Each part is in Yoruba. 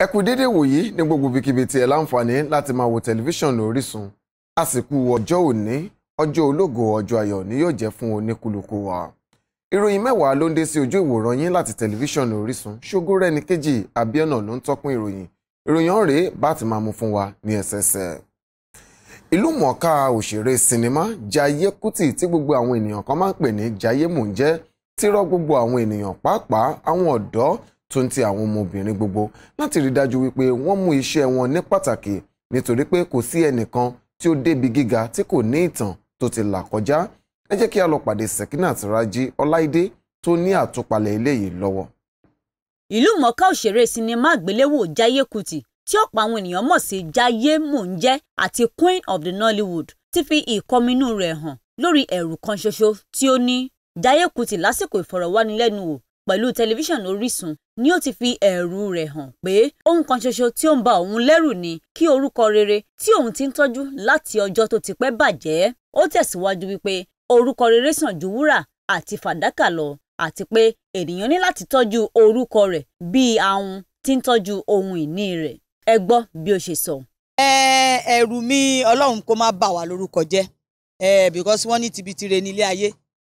ẹ kú dédé wòyí ní gbogbo bikibiti ẹ̀ láǹfààní láti máa wo tẹlifíṣàn Orísun àsìkò ọjọ́ òní ọjọ́ ológo ọjọ́ ayọ̀ ni yóò jẹ́ fún oníkúlùkù wa. ìròyìn mẹ́wàá ló ń dé sí ojú ìwòran yín láti tẹlifíṣàn Orísun ṣógó rẹ́ni kejì Abíọ́nà ló ń tọ́kùn ìròyìn ìròyìn ọ̀rẹ́ bá ti máa mú fún wa ní ẹsẹẹsẹ. ìlú mọ̀ọ́ká òṣèré sinimá Jaiye Kuti tí gbogbo àwọn ènìyàn kan máa ń pè ní Jaiye Mò ń jẹ́ ti rọ gbogbo àwọn ènìyàn pàápàá àwọn ọ̀dọ́ tó ń ti àwọn ọmọbìnrin gbogbo láti rí dájú wípé wọ́n mú iṣẹ́ wọn ní pàtàkì nítorí pé kò sí ẹnìkan tí ó débi gíga tí kò ní ìtàn tó ti là kọjá ẹ jẹ́ kí a lọ pàdé Sekinat Raji Ọláìdé tó ní àtúpalẹ̀ eléyìí lọ́wọ́. ìlú mọ̀ọ́ká òṣèré sinimá àgbéléwò Jaiye tí ọ̀pọ̀ àwọn ènìyàn mọ̀ sí Jaiye Mòúnjẹ́ àti Queen of the Nollywood ti fi ìkọminú rẹ̀ hàn lórí ẹ̀rù kan ṣoṣo tí ó ní Jaiye lásìkò ìfọ̀rọ̀wánilẹ́nuwò pẹ̀lú tẹlifíṣàn Orísun ni ó ti fi ẹ̀rù rẹ̀ hàn pé ohun kan ṣoṣo tí ó ń ba òun lẹ́rù ni kí orúkọ rere tí òun ti ń tọ́jú láti ọjọ́ tó ti pẹ́ bàjẹ́ ó tẹ̀síwájú wípé orúkọ rere sàn ju wúrà àti fàdákà lọ àti pé ènìyàn ní láti tọ́jú orúkọ rẹ̀ bíi ahun tí ń tọ́jú ohun ìní rẹ̀ ẹ gbọ́ bí ó ṣe sọ. ẹ̀rù mi Ọlọ́run kó má bà wá lórúkọ jẹ́ because wọ́n ní tibitire nílé ayé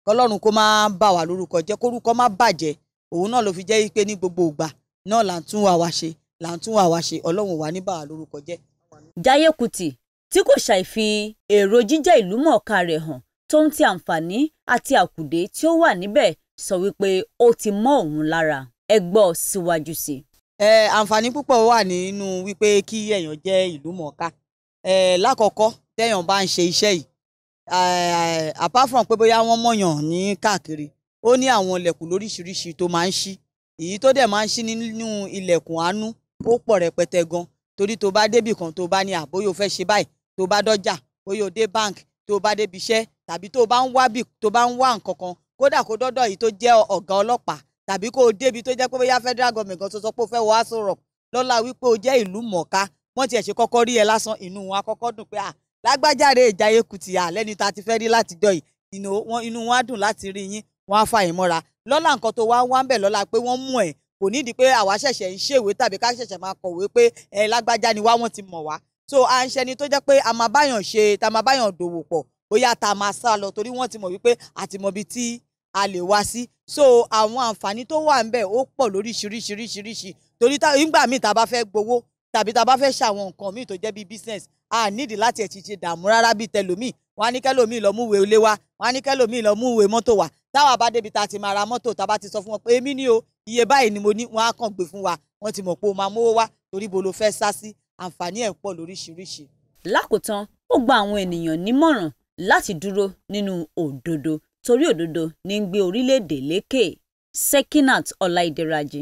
kọlọ́run kó má bà wá lórúkọ jẹ́ kórúkọ má bàjẹ́ òun náà ló fi jẹ́ pé ní gbogbo ìgbà náà là ń tún wa wá ṣe là ń tún wa wá ṣe ọlọ́run wà ní bà wá lórúkọ jẹ́. Jaiye Kuti tí kò ṣàì fi èrò jíjẹ́ ìlú mọ̀ọ́ká rẹ̀ hàn tó ń ti àǹfààní àti àkùdé tí ó wà níbẹ̀ sọ wípé ó ti mọ́ òun lára ẹ gbọ́ síwájú sí i. ẹ àǹfààní púpọ̀ wà nínú wípé kí èèyàn jẹ́ ìlú mọ̀ọ́ká ẹ lákọ̀ọ́kọ́ tẹ́yàn bá ń ṣe iṣẹ́ yìí Eh, apart from pé bóyá wọ́n mọ̀yàn ní káàkiri ó ní àwọn ilẹ̀kùn lóríṣiríṣi tó máa ń ṣí èyí tó dẹ̀ máa ń ṣí nínú ilẹ̀kùn àánú ó pọ̀ rẹpẹtẹ gan torí tó bá débì kan tó bá ní àbóyò fẹ́ ṣe báyìí tó bá dọ́jà bóyá o bank tó bá débi iṣẹ́ tàbí tó bá ń wá bì tó bá ń wá nǹkan kan kódà kó dọ́dọ̀ yìí tó jẹ́ ọ̀gá ọlọ́pàá tàbí kó o débi tó jẹ́ pé bóyá federal government kan sọ pé o fẹ́ wọ aṣọ rock lọ́la wípé o jẹ́ ìlú mọ̀ọ́ká wọ́n tiẹ̀ ṣe kọ́kọ́ rí ẹ lásán inú wọn á dùn pé ah lágbájáre Ìjàyè Kùtìyà lẹ́ni tá a ti fẹ́ rí látijọ́ yìí inú wọn á dùn láti rí yín wọn á fà yín mọ́ra lọ́la nǹkan tó wá wá ń bẹ̀ lọ́la pé wọ́n mú ẹ̀ kò nídìí pé àwa ṣẹ̀ṣẹ̀ ń ṣèwé tàbí ká ṣẹ̀ṣẹ̀ máa kọ̀wé pé ẹ lágbájá ni wá wọ́n ti mọ̀ wá so à ń ṣẹni tó jẹ́ pé a máa báyàn ṣe tá a máa báyàn dòwò pọ̀ bóyá tá máa sá lọ torí wọ́n ti mọ̀ wípé àtìmọ̀bi tí a lè wá sí so àwọn àǹfààní tó wà ń bẹ̀ ó pọ̀ lóríṣiríṣiríṣiríṣi torí nígbà míì tá a bá fẹ́ gbowó tàbí tá a bá fẹ́ ṣàwọn nǹkan míì tó jẹ́ bíi business a nídìí láti ẹ̀tì ṣe dààmú rárá bíi tẹlòmíì wọn á ní kẹlòmíì lọ múwèé ilé wa wọn á ní kẹlòmíì lọ múwèé mọ́tò wa táwa bá débi tá a ti máa ra mọ́tò tá a bá ti sọ fún wọn pé èmi ni o iye báyìí ni mo ní wọn á kàn gbé fún wa wọn ti mọ̀ pé o máa mówó wá torí bo lo fẹ́ sá sí àǹfààní ẹ̀ pọ̀ lóríṣiríṣi. lákòótán ó gba àwọn ènìyàn nímọ̀ràn láti dúró nínú òdodo torí òdodo ní ń gbé orílẹ̀-èdè lékè Sekinat Ọláìdẹ́rajì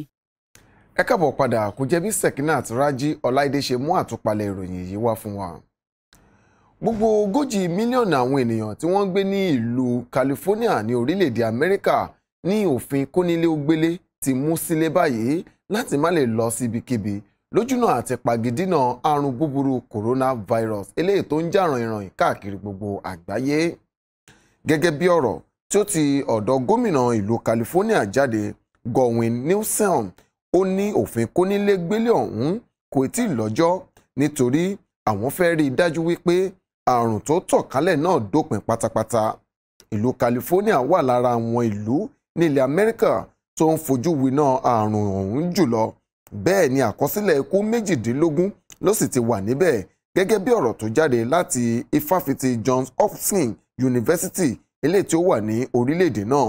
ẹ káàbọ̀ padà kò jẹ́ bí Sekinat Raji Ọláìdé ṣe mú àtúpalẹ̀ ìròyìn yìí wá fún wa. gbogbo ogójì mílíọ̀nù àwọn ènìyàn tí wọ́n ń gbé ní ìlú California ní orílẹ̀-èdè Amẹ́ríkà ní òfin kónílé-ó-gbélé ti mú sílé báyìí láti má lè lọ síbikíbi lójúnà àti pàgídínà àrùn búburú coronavirus eléyìí tó ń jà ràn-ìràn káàkiri gbogbo àgbáyé. gẹ́gẹ́ bí ọ̀rọ̀ tí ó ti ọ̀dọ̀ gómìnà ìlú California jáde Gowin Newsom ó ní òfin kónílégbélé ọ̀hún kò tí ì lọ́jọ́ nítorí àwọn fẹ́ rí i dájú wípé àrùn tó tọ̀ kálẹ̀ náà dópin pátápátá ìlú California wà lára àwọn ìlú ní ilẹ̀ Amẹ́ríkà tó ń fojú winá àrùn ọ̀hún jùlọ bẹ́ẹ̀ ni àkọsílẹ̀ ikú méjìdínlógún ló sì ti wà níbẹ̀ gẹ́gẹ́ bí ọ̀rọ̀ tó jáde láti ifáfitì Johns Hopkins University eléyìí tí ó wà ní orílẹ̀-èdè náà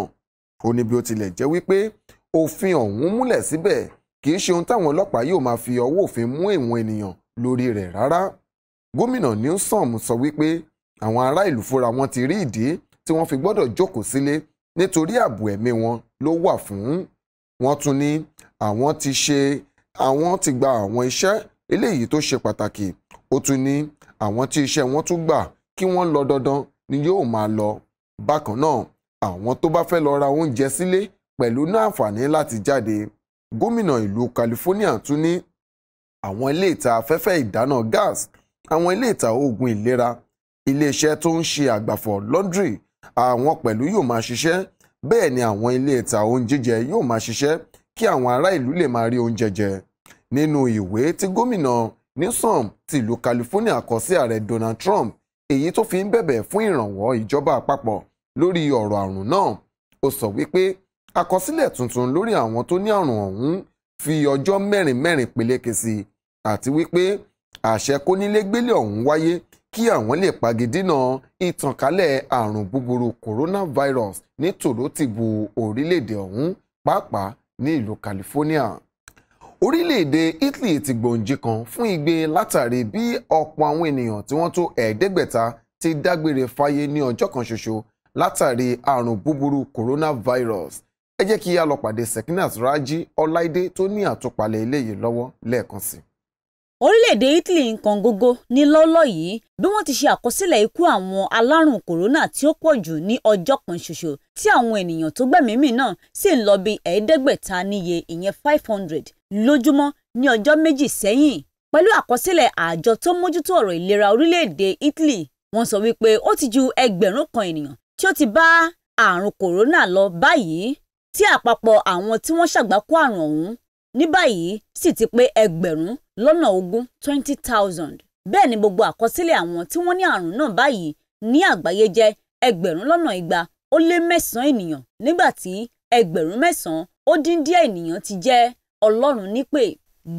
ó ní bí ó tilẹ̀ jẹ́ wípé òfin ọ̀hún múlẹ̀ síbẹ̀ kì í ṣe ohun táwọn ọlọ́pàá yóò máa fi ọwọ́ òfin mú ìwọ̀n ènìyàn lórí rẹ̀ rárá gómìnà Newsom sọ wípé àwọn ará ìlú fúnra wọn ti rí ìdí tí wọ́n fi gbọ́dọ̀ jókòó sílé nítorí ààbò ẹ̀mí wọn ló wà fún wọn tún ní àwọn ti ṣe àwọn ti gba àwọn iṣẹ́ eléyìí tó ṣe pàtàkì ó tún ní àwọn tí iṣẹ́ wọn tún gbà kí wọ́n lọ dandan ni yóò máa lọ bákan náà àwọn tó bá fẹ́ lọ ra oúnjẹ sílé pẹ̀lú náà àǹfààní láti jáde gómìnà ìlú California tún ní àwọn ilé ìta afẹ́fẹ́ ìdáná gas àwọn ilé ìta oògùn ìlera iléeṣẹ́ tó ń ṣe àgbàfọ̀ laundry àwọn pẹ̀lú yóò máa ṣiṣẹ́ bẹ́ẹ̀ ni àwọn ilé ìta oúnjẹ jíjẹ yóò máa ṣiṣẹ́ kí àwọn ará ìlú lè máa rí oúnjẹ jẹ nínú ìwé tí gómìnà Newsom tìlú California kọ sí ààrẹ Donald Trump èyí tó fi ń bẹ̀bẹ̀ fún ìrànwọ́ ìjọba àpapọ̀ lórí ọ̀rọ̀ àrùn náà ó sọ wípé àkọsílẹ̀ tuntun lórí àwọn tó ní àrùn ọ̀hún fi ọjọ́ mẹ́rin mẹ́rin peléke sí i àti wípé àṣẹ kónílégbélé ọ̀hún wáyé kí àwọn lè pagidínà ìtànkálẹ̀ àrùn búburú coronavirus ní tòlótìbù orílẹ̀-èdè ọ̀hún pàápàá ní ìlú California orílẹ̀-èdè Italy ti gbòǹjì kan fún igbe látàrí bí ọ̀pọ̀ àwọn ènìyàn tí wọ́n tó ẹ̀ẹ́dẹ́gbẹ̀ta ti dágbére fáyé ní ọjọ́ kan ṣoṣo látàrí àrùn búburú coronavirus ẹ jẹ́ kí a lọ pàdé Sekinat Raji Ọláìdé tó ní àtúpalẹ̀ eléyìí lọ́wọ́ lẹ́ẹ̀kan sí i orílẹ̀-èdè Italy nǹkan gógó ní lọ́lọ́ yìí bí wọ́n ti ṣe àkọsílẹ̀ ikú àwọn alárùn kòrónà tí ó pọ̀ jù ní ọjọ́ kan ṣoṣo tí àwọn ènìyàn tó gbẹ̀mímì náà sì ń lọ bí ẹ̀ẹ́dẹ́gbẹ̀ta níye ìyẹn five hundred lójúmọ́ ní ọjọ́ méjì sẹ́yìn pẹ̀lú àkọsílẹ̀ àjọ tó mójútó ọ̀rọ̀ ìlera orílẹ̀-èdè Italy wọ́n sọ wípé ó ti ju ẹgbẹ̀rún kan ènìyàn tí ó ti bá àrùn kòrónà lọ báyìí tí àpapọ̀ àwọn tí wọ́n ṣàgbákò àrùn ọ̀hún ní báyìí sì ti pé ẹgbẹ̀rún lọ́nà ogún twenty thousand bẹ́ẹ̀ ni gbogbo àkọsílẹ̀ àwọn tí wọ́n ní àrùn náà báyìí ní àgbáyé jẹ́ ẹgbẹ̀rún lọ́nà igba ó lé mẹ́sàn-án ènìyàn nígbà tí ẹgbẹ̀rún mẹ́sàn-án ó dín díẹ̀ ènìyàn ti jẹ́ ọlọ́run nípè.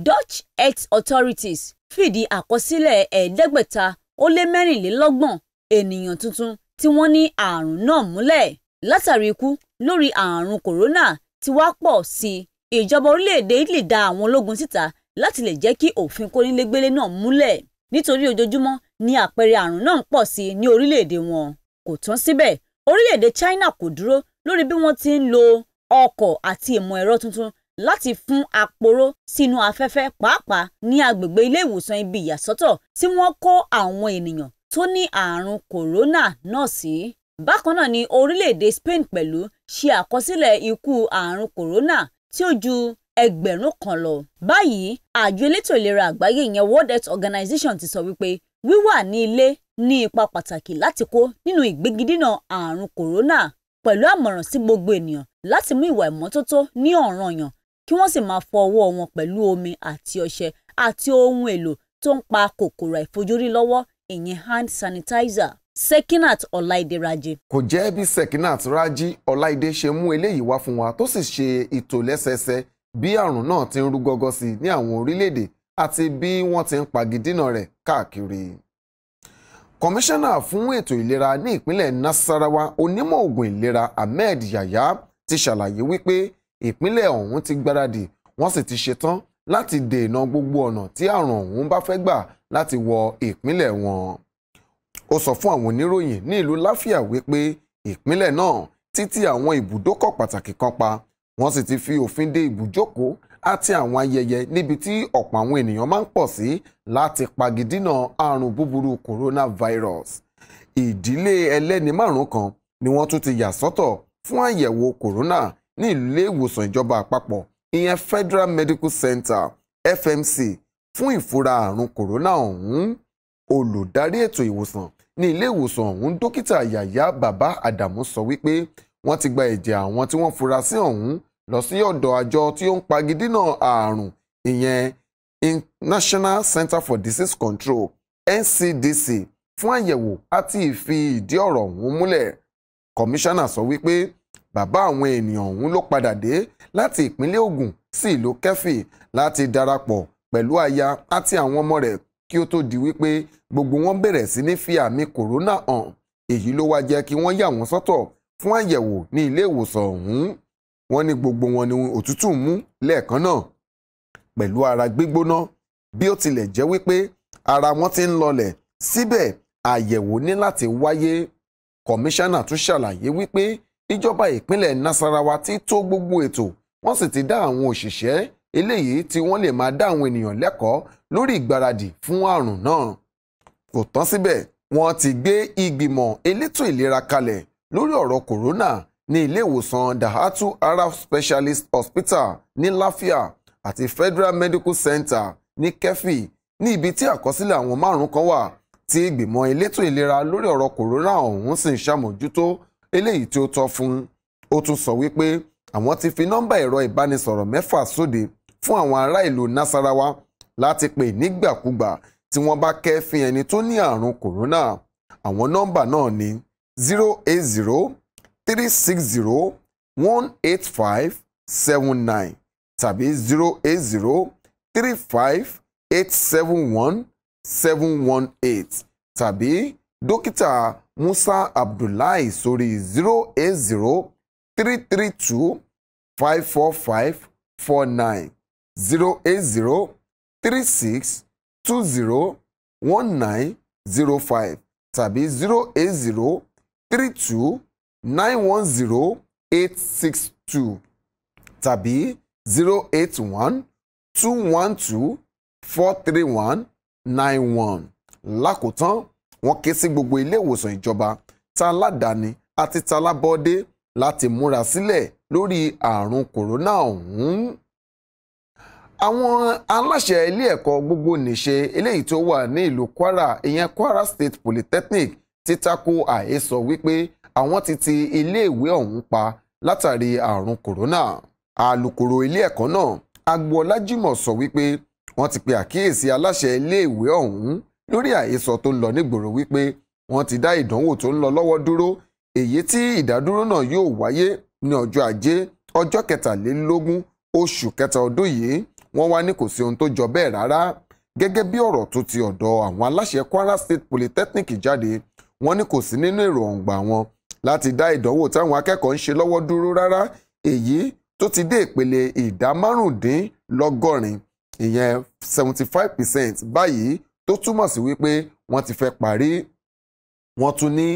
Dutch health authorities fìdí àkọsílẹ̀ ẹ̀ẹ́dẹ́gbẹ̀ta ó lé mẹ́rìnlélọ́gbọ̀n ènìyàn tuntun tí wọ́n ní àrùn náà múlẹ̀ látàrí ikú lórí àrùn kòrónà ti wá pọ̀ sí ìjọba orílẹ̀-èdè Italy da àwọn ológun síta láti lè jẹ́ kí òfin kónílégbélé náà múlẹ̀ nítorí ojoojúmọ́ ni àpẹẹrẹ àrùn náà ń pọ̀ sí ní orílẹ̀-èdè wọn kò tán síbẹ̀ orílẹ̀-èdè China kò dúró lórí bí wọ́n ti ń lo ọkọ̀ àti ìmọ̀ ẹ̀rọ tuntun láti fún àpòró sínú afẹ́fẹ́ pàápàá ní agbègbè ilé ìwòsàn ibi ìyàsọ́tọ̀ tí wọ́n kó àwọn ènìyàn tó ní àrùn kòrónà náà sí bákan náà ni orílẹ̀-èdè Spain pẹ̀lú ṣe àkọsílẹ̀ ikú àrùn corona, tí ó ju ẹgbẹ̀rún kan lọ. báyìí àjọ elétò ìlera àgbáyé ìyẹn World Health Organization ti sọ wípé wíwà ní ilé ní ipa pàtàkì láti kó nínú ìgbégidínà àrùn kòrónà pẹ̀lú àmọ̀ràn sí gbogbo ènìyàn láti mú ìwà ìmọ́tótó ní ọ̀ranyàn kí wọ́n sì máa fọ ọwọ́ wọn pẹ̀lú omi àti ọṣẹ àti ohun èlò tó ń pa kòkòrò àìfojúrí lọ́wọ́ ìyẹn hand sanitizer. Sekinat Ọláìdé Rájí. kò jẹ́ bí Sekinat Rájí Ọláìdé ṣe mú eléyìí wá fún wa tó sì ṣe ìtòlẹ́sẹẹsẹ bí àrùn náà ti ń rú gọ́gọ́ sí i ní àwọn orílẹ̀-èdè àti bí wọ́n ti ń pagidínà rẹ̀ káàkiri. kọmíṣánná fún ètò ìlera ní ìpínlẹ̀ Nasarawa onímọ̀ ògùn ìlera Ahmed Yahya ti ṣàlàyé wípé ìpínlẹ̀ ọ̀hún ti gbáradì wọ́n sì ti ṣetán láti dènà gbogbo ọ̀nà tí àrùn ọ̀hún bá fẹ́ gbà láti wọ ìpínlẹ̀ wọn ó sọ fún àwọn oníròyìn ní ìlú láfíà wípé ìpínlẹ̀ náà títí àwọn ibùdókọ̀ pàtàkì kan pa wọ́n sì ti fi òfin de ibùjókòó àti àwọn ayẹyẹ níbi tí ọ̀pọ̀ àwọn ènìyàn máa ń pọ̀ sí láti pagidínà àrùn búburú coronavirus ìdílé ẹlẹ́ni márùn kan ni wọ́n tún ti yà sọ́tọ̀ fún àyẹ̀wò corona ní ilé ìwòsàn ìjọba àpapọ̀ ìyẹn Federal Medical Center FMC fún ìfura àrùn corona ọ̀hún olùdarí ètò ìwòsàn ní ilé ìwòsàn ọ̀hún dókítà yàyà bàbá àdàmú sọ wípé wọ́n ti gba ẹ̀jẹ̀ àwọn tí wọ́n fura sí ọ̀hún lọ sí ọ̀dọ̀ àjọ tí ó ń pagidínà ààrùn ìyẹn National Center for Disease Control NCDC fún àyẹ̀wò àti ìfi ìdí ọ̀rọ̀ ọ̀hún múlẹ̀ kọmíṣánná sọ wípé bàbá àwọn ènìyàn ọ̀hún ló padà dé láti ìpínlẹ̀ Ògùn sí ìlú Kẹ́fì láti darapọ̀ pẹ̀lú aya àti àwọn ọmọ rẹ̀ kí ó tó di wípé gbogbo wọn bẹ̀rẹ̀ sí ní fi àmì kòrónà hàn èyí ló wá jẹ́ kí wọ́n yà wọ́n sọ́tọ̀ fún àyẹ̀wò ní ilé ìwòsàn ọ̀hún wọ́n ní gbogbo wọn ni òtútù mú lẹ́ẹ̀kan náà pẹ̀lú ara gbígbóná bí ó tilẹ̀ jẹ́ wípé ara wọn ti ń lọlẹ̀ síbẹ̀ àyẹ̀wò ní láti wáyé kọmíṣánná tún ṣàlàyé wípé ìjọba ìpínlẹ̀ Nasarawa ti tó gbogbo ètò wọ́n sì ti dá àwọn òṣìṣẹ́ eléyìí tí wọ́n lè máa dá àwọn ènìyàn lẹ́kọ̀ọ́ lórí ìgbáradì fún àrùn náà. kò tán síbẹ̀ wọ́n ti gbé ìgbìmọ̀ elétò ìlera kalẹ̀ lórí ọ̀rọ̀ kòrónà ní ilé ìwòsàn Dahatu Araf Specialist Hospital ní Lafia àti Federal Medical Center ní kefi, ní ibi tí àkọsílẹ̀ àwọn márùn-ún kan wà tí ìgbìmọ̀ elétò ìlera lórí ọ̀rọ̀ kòrónà ọ̀hún sì ń ṣàmójútó eléyìí tí ó tọ́ fún un ó tún sọ wípé àwọn ti fi nọ́mbà ẹ̀rọ ìbánisọ̀rọ̀ mẹ́fà sóde fún àwọn ará ìlú Nasarawa láti pè nígbàkúgbà tí wọ́n bá kẹ́fín ẹni tó ní àrùn kòrónà àwọn nọ́mbà náà ni zero eight zero three six zero one eight five seven nine tàbí zero eight zero three five eight seven one seven one eight tàbí dókítà Musa Abdullahi sórí zero eight zero three three two five four five four nine zero eight zero three six two zero one nine zero five tàbí zero eight zero three two nine one zero eight six two tàbí zero eight one two one two four three one nine one lákòótán wọ́n ké sí gbogbo ilé ìwòsàn ìjọba ta aládàáni àti ta alábọ́ọ́dé láti múra sílẹ̀ lórí àrùn kòrónà ọ̀hún àwọn aláṣẹ ilé ẹ̀kọ́ gbogbo nìṣe eléyìí tó wà ní ìlú Kwara ìyẹn Kwara State Polytechnic ti tako àhesọ wípé àwọn ti ti iléèwé ọ̀hún pa látàrí àrùn kòrónà alùkòrò ilé ẹ̀kọ́ náà agboola Jimoh sọ wípé wọ́n ti pe àkíyèsí aláṣẹ iléèwé ọ̀hún lórí àhesọ tó ń lọ nígboro wípé wọ́n ti dá ìdánwò tó ń lọ lọ́wọ́ dúró èyí tí ìdádúró náà yóò wáyé ní ọjọ́ ajé ọjọ́ kẹtàlélógún oṣù kẹta ọdún yìí wọ́n wá ní kò sí ohun tó jọ bẹ́ẹ̀ rárá gẹ́gẹ́ bí ọ̀rọ̀ tó ti ọ̀dọ̀ àwọn aláṣẹ Kwara State Polytechnic jáde wọ́n ní kò sí nínú èròǹgbà wọn láti dá ìdánwò táwọn akẹ́kọ̀ọ́ ń ṣe lọ́wọ́ dúró rárá èyí tó ti dé ìpele ìdá márùndínlọ́gọ́rin ìyẹn seventy five percent báyìí tó túmọ̀ sí wípé wọ́n ti fẹ́ parí wọ́n tún ní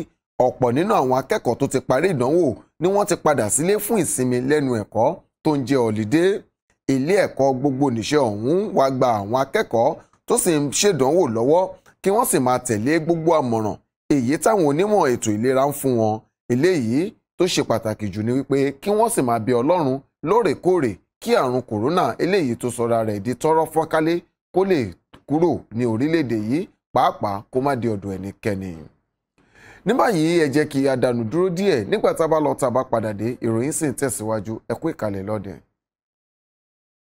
ọ̀pọ̀ nínú àwọn akẹ́kọ̀ọ́ tó ti parí ìdánwò ni wọ́n ti padà sílé fún ìsinmi lẹ́nu ẹ̀kọ́ tó ń jẹ́ ọ̀lídé ilé ẹ̀kọ́ gbogbo nìṣe ọ̀hún wá gba àwọn akẹ́kọ̀ọ́ tó sì ń ṣèdánwò lọ́wọ́ kí wọ́n sì máa tẹ̀lé gbogbo àmọ̀ràn èyí táwọn onímọ̀ ètò ìlera ń fún wọn eléyìí tó ṣe pàtàkì jù ni wípé kí wọ́n sì máa bẹ Ọlọ́run lóòrèkóòrè kí àrùn kòrónà eléyìí tó sọra rẹ̀ di tọ́rọ́ fọ́nkálé kó lè kúrò ní orílẹ̀-èdè yìí pàápàá kó má di ọ̀dọ̀ ẹnikẹ́ni. ní báyìí ẹ jẹ́ kí a dúró díẹ̀ nígbà tá a bá lọ tá a bá padà dé ìròyìn sì ń tẹ̀síwájú ẹ kú ìkàlẹ̀ lọ́dẹ̀ẹ́.